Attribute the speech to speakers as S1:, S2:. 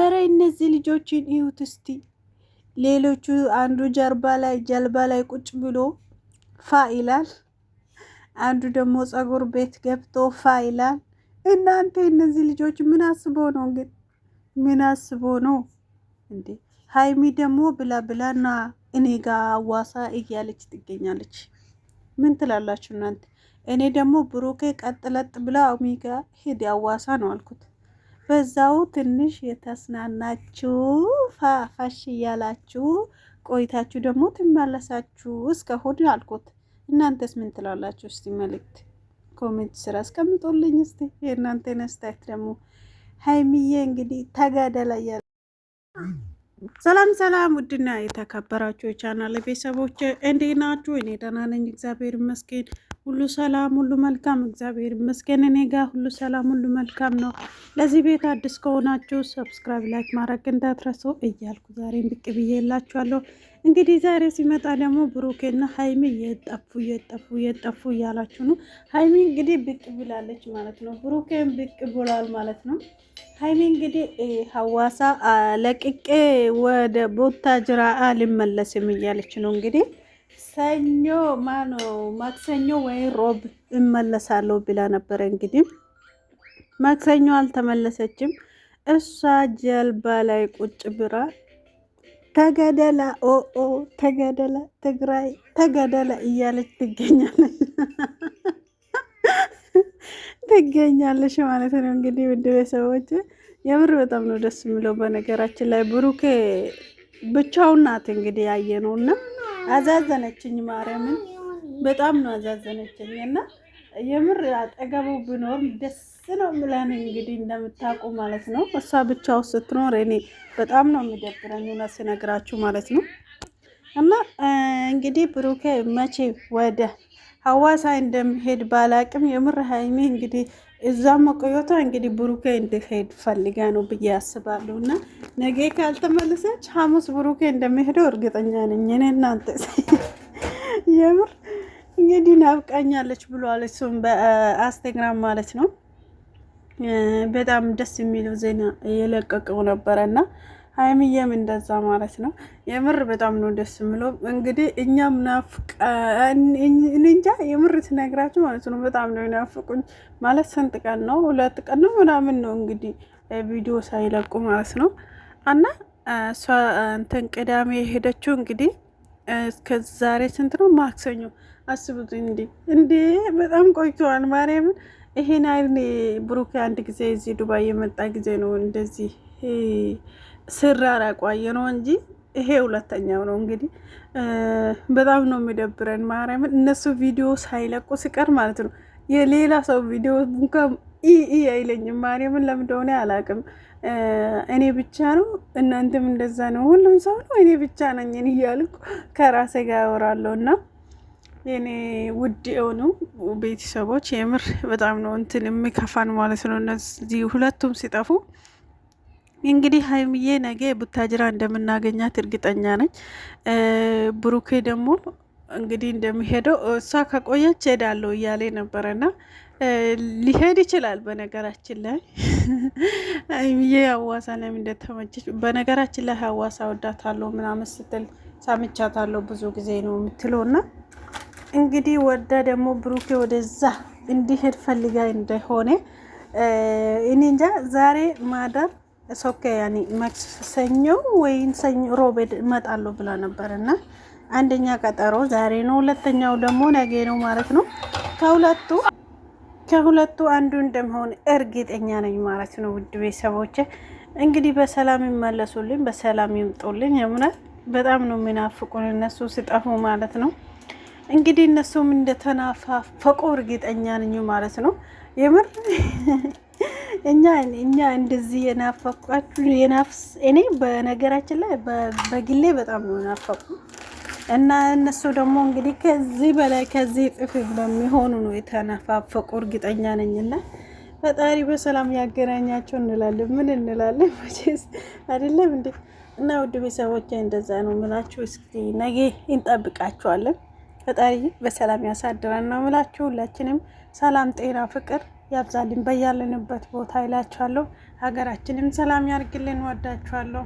S1: እረ እነዚህ ልጆችን እዩት እስቲ። ሌሎቹ አንዱ ጀርባ ላይ ጀልባ ላይ ቁጭ ብሎ ፋ ይላል፣ አንዱ ደግሞ ጸጉር ቤት ገብቶ ፋ ይላል። እናንተ እነዚህ ልጆች ምን አስቦ ነው ግን? ምን አስቦ ነው እንዴ? ሀይሚ ደግሞ ብላ ብላና እኔ ጋ አዋሳ እያለች ትገኛለች። ምን ትላላችሁ እናንተ? እኔ ደግሞ ብሩኬ ቀጥለጥ ብላ ኦሜጋ ሂድ አዋሳ ነው አልኩት። በዛው ትንሽ የተስናናችሁ ፋፋሽ እያላችሁ ቆይታችሁ ደግሞ ትመለሳችሁ እስከ እሑድ አልኩት። እናንተስ ምን ትላላችሁ? እስቲ መልእክት ኮሜንት ስራ አስቀምጦልኝ እስቲ የእናንተን አስተያየት ደግሞ ሀይሚዬ እንግዲህ ተጋደላ እያለ
S2: ሰላም ሰላም፣ ውድና የተከበራችሁ የቻናል ቤተሰቦች እንዴት ናችሁ? እኔ ደህና ነኝ፣ እግዚአብሔር ይመስገን። ሁሉ ሰላም፣ ሁሉ መልካም፣ እግዚአብሔር ይመስገን። እኔ ጋር ሁሉ ሰላም፣ ሁሉ መልካም ነው። ለዚህ ቤት አዲስ ከሆናችሁ ሰብስክራይብ፣ ላይክ ማድረግ እንዳትረሱ እያልኩ ዛሬም ብቅ ብዬ እንግዲህ ዛሬ ሲመጣ ደግሞ ብሩኬና ሀይሚ እየጠፉ እየጠፉ እየጠፉ እያላችሁ ነው። ሀይሚ እንግዲህ ብቅ ብላለች ማለት ነው። ብሩኬን ብቅ ብሏል ማለት ነው። ሀይሚ እንግዲህ ሀዋሳ ለቅቄ ወደ ጅራአ ልመለስም እያለች ነው እንግዲህ ሰኞ ማነው ማክሰኞ ወይ ሮብ እመለሳለሁ ብላ ነበረ። እንግዲህ ማክሰኞ አልተመለሰችም። እሷ ጀልባ ላይ ቁጭ ብራ ተገደላ ኦኦ ተገደላ ትግራይ ተገደላ እያለች ትገኛለች ትገኛለች ማለት ነው። እንግዲህ ውድ ሰዎች የምር በጣም ነው ደስ የሚለው። በነገራችን ላይ ብሩኬ ብቻውን ናት እንግዲህ ያየ ነውና አዛዘነችኝ። ማርያምን በጣም ነው አዛዘነችኝ። እና የምር አጠገቡ ብኖር ደስ ነው ምለን እንግዲህ እንደምታውቁ ማለት ነው። እሷ ብቻው ስትኖር እኔ በጣም ነው የሚደብረኝ እውነት ስነግራችሁ ማለት ነው። እና እንግዲህ ብሩኬ መቼ ወደ ሀዋሳ እንደምሄድ ባላቅም የምር ሀይሜ እንግዲህ እዛ መቆየቷ እንግዲህ ብሩኬ እንዲሄድ ፈልጋ ነው ብዬ አስባለሁ። እና ነገ ካልተመለሰች ሐሙስ ብሩኬ እንደሚሄደው እርግጠኛ ነኝ። እኔ እናንተ የምር እንግዲህ ናብቃኛለች ብሏለች፣ እሱም በኢንስታግራም ማለት ነው። በጣም ደስ የሚለው ዜና የለቀቀው ነበረ እና ሀይሚዬም እንደዛ ማለት ነው። የምር በጣም ነው ደስ የምለው። እንግዲህ እኛም ናፍቀ እንጃ የምር ትነግራችሁ ማለት ነው። በጣም ነው ናፍቁኝ ማለት ስንት ቀን ነው? ሁለት ቀን ነው ምናምን ነው እንግዲህ ቪዲዮ ሳይለቁ ማለት ነው። እና እሷ እንትን ቅዳሜ የሄደችው እንግዲህ እስከዛሬ ስንት ነው? ማክሰኞ አስቡት እንዲህ እንዴ! በጣም ቆይተዋል ማርያምን ይሄን አይን ብሩክ አንድ ጊዜ እዚህ ዱባይ የመጣ ጊዜ ነው እንደዚህ ስራራቅ ዋየ ነው እንጂ ይሄ ሁለተኛው ነው። እንግዲህ በጣም ነው የሚደብረን ማርያምን። እነሱ ቪዲዮ ሳይለቁ ሲቀር ማለት ነው የሌላ ሰው ቪዲዮ እንኳን ኢ አይለኝም ማርያምን። ለምን እንደሆነ አላውቅም። እኔ ብቻ ነው እናንተም እንደዛ ነው? ሁሉም ሰው ነው? እኔ ብቻ ነኝን እያልኩ ከራሴ ጋር ያወራለሁ እና የኔ ውድ የሆኑ ቤተሰቦች የምር በጣም ነው እንትን የሚከፋን ማለት ነው። እነዚህ ሁለቱም ሲጠፉ እንግዲህ ሀይምዬ ነገ ቡታጅራ እንደምናገኛት እርግጠኛ ነኝ። ብሩኬ ደግሞ እንግዲህ እንደሚሄደው እሷ ከቆየች ሄዳለሁ እያለ ነበረና ሊሄድ ይችላል። በነገራችን ላይ ሀይምዬ ሀዋሳ ነም እንደተመቸች በነገራችን ላይ ሀዋሳ ወዳታለሁ ምናምን ስትል ሳምቻታለሁ ብዙ ጊዜ ነው የምትለው የምትለውና እንግዲህ ወዳ ደግሞ ብሩኬ ወደዛ እንዲሄድ ፈልጋ እንደሆነ እኔ እንጃ። ዛሬ ማደር ሶኬ ያኔ ሰኞ ወይም ሰኞ ሮቤድ እመጣለሁ ብላ ነበርና አንደኛ ቀጠሮ ዛሬ ነው፣ ሁለተኛው ደግሞ ነገ ነው ማለት ነው። ከሁለቱ ከሁለቱ አንዱ እንደመሆን እርግጠኛ ነኝ ማለት ነው። ውድ ቤተሰቦቼ እንግዲህ በሰላም ይመለሱልኝ፣ በሰላም ይምጡልኝ። የምር በጣም ነው የሚናፍቁን እነሱ ሲጠፉ ማለት ነው። እንግዲህ እነሱም እንደተናፋፈቁ እርግጠኛ ነኝ ማለት ነው። የምር እኛ እኛ እንደዚህ የናፈቋችሁ የናፍስ እኔ በነገራችን ላይ በግሌ በጣም ነው የናፈቁ እና እነሱ ደግሞ እንግዲህ ከዚህ በላይ ከዚህ ጥፍ በሚሆኑ ነው የተናፋፈቁ እርግጠኛ ነኝና ፈጣሪ በሰላም ያገናኛቸው እንላለን። ምን እንላለን መቼስ አይደለም እንዴ? እና ውድ ቤተሰቦቼ እንደዛ ነው ምላችሁ። እስኪ ነገ እንጠብቃችኋለን። ፈጣሪ በሰላም ያሳድረን ነው ምላችሁ። ሁላችንም ሰላም፣ ጤና፣ ፍቅር ያብዛልን በያለንበት ቦታ ይላችኋለሁ። ሀገራችንም ሰላም ያርግልን። ወዳችኋለሁ።